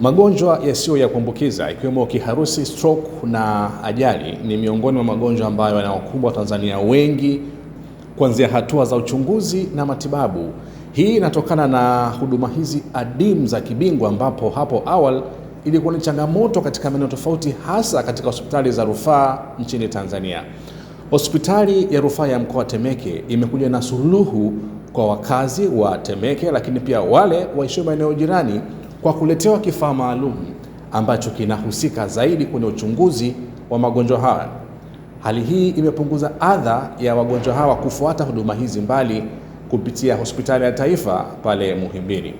Magonjwa yasiyo ya kuambukiza ikiwemo kiharusi, stroke na ajali ni miongoni mwa magonjwa ambayo yanawakumbwa Watanzania wengi kuanzia hatua za uchunguzi na matibabu. Hii inatokana na huduma hizi adimu za kibingwa, ambapo hapo awali ilikuwa ni changamoto katika maeneo tofauti, hasa katika hospitali za rufaa nchini Tanzania. Hospitali ya rufaa ya mkoa wa Temeke imekuja na suluhu kwa wakazi wa Temeke, lakini pia wale waishio maeneo jirani kwa kuletewa kifaa maalum ambacho kinahusika zaidi kwenye uchunguzi wa magonjwa haya. Hali hii imepunguza adha ya wagonjwa hawa kufuata huduma hizi mbali kupitia hospitali ya taifa pale Muhimbili.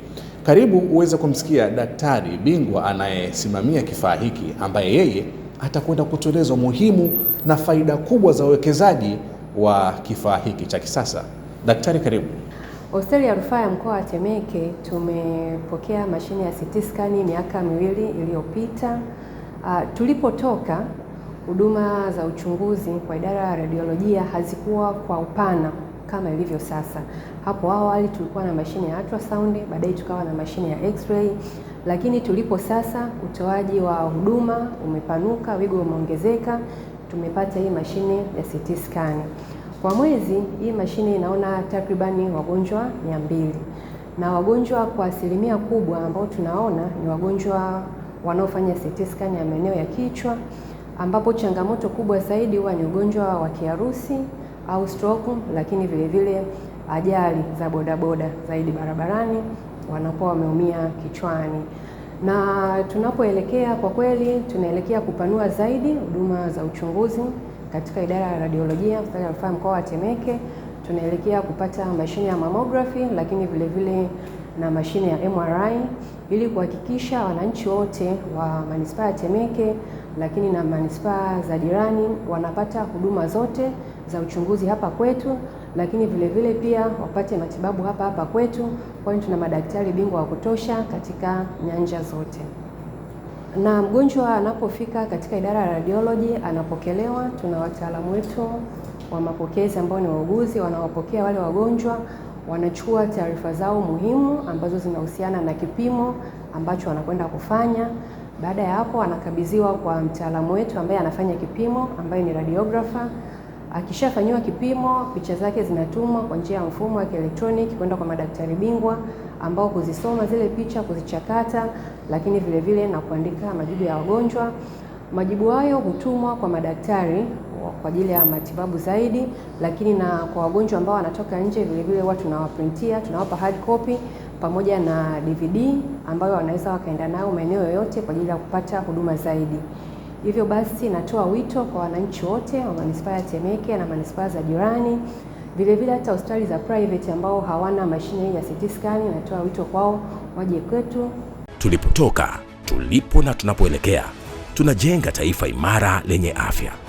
Karibu uweze kumsikia daktari bingwa anayesimamia kifaa hiki ambaye yeye atakwenda kutueleza umuhimu na faida kubwa za uwekezaji wa kifaa hiki cha kisasa. Daktari, karibu. Hospitali ya Rufaa ya Mkoa wa Temeke tumepokea mashine ya CT scan miaka miwili iliyopita. Uh, tulipotoka huduma za uchunguzi kwa idara ya radiolojia hazikuwa kwa upana kama ilivyo sasa. Hapo awali tulikuwa na mashine ya ultrasound, baadaye tukawa na mashine ya x-ray, lakini tulipo sasa utoaji wa huduma umepanuka, wigo umeongezeka, tumepata hii mashine ya CT scan. Kwa mwezi hii mashine inaona takribani wagonjwa mia mbili na wagonjwa kwa asilimia kubwa ambao tunaona ni wagonjwa wanaofanya CT scan ya maeneo ya kichwa, ambapo changamoto kubwa zaidi huwa ni ugonjwa wa kiharusi au stroke, lakini vilevile ajali za bodaboda zaidi barabarani wanakuwa wameumia kichwani. Na tunapoelekea kwa kweli tunaelekea kupanua zaidi huduma za uchunguzi katika idara ya radiolojia hospitali ya rufaa mkoa wa Temeke. Tunaelekea kupata mashine ya mammography, lakini vilevile vile na mashine ya MRI ili kuhakikisha wananchi wote wa manispaa ya Temeke, lakini na manispaa za jirani wanapata huduma zote za uchunguzi hapa kwetu, lakini vilevile vile pia wapate matibabu hapa hapa kwetu, kwani tuna madaktari bingwa wa kutosha katika nyanja zote na mgonjwa anapofika katika idara ya radiology anapokelewa. Tuna wataalamu wetu wa mapokezi ambao ni wauguzi, wanawapokea wale wagonjwa, wanachukua taarifa zao muhimu ambazo zinahusiana na kipimo ambacho wanakwenda kufanya. Baada ya hapo, anakabidhiwa kwa mtaalamu wetu ambaye anafanya kipimo, ambaye ni radiographer. Akishafanyiwa kipimo, picha zake zinatumwa kwa njia ya mfumo wa kielektroniki kwenda kwa madaktari bingwa ambao kuzisoma zile picha, kuzichakata, lakini vile vile na kuandika majibu ya wagonjwa. Majibu hayo hutumwa kwa madaktari kwa ajili ya matibabu zaidi, lakini na kwa wagonjwa ambao wanatoka nje, vile vile huwa tunawaprintia, tunawapa hard copy pamoja na DVD ambayo wanaweza wakaenda nayo maeneo yoyote kwa ajili ya kupata huduma zaidi. Hivyo basi natoa wito kwa wananchi wote wa manispaa ya Temeke na manispaa za jirani, vilevile hata hospitali za private ambao hawana mashine ya CT scan, natoa wito kwao waje kwetu. Tulipotoka, tulipo na tunapoelekea, tunajenga taifa imara lenye afya.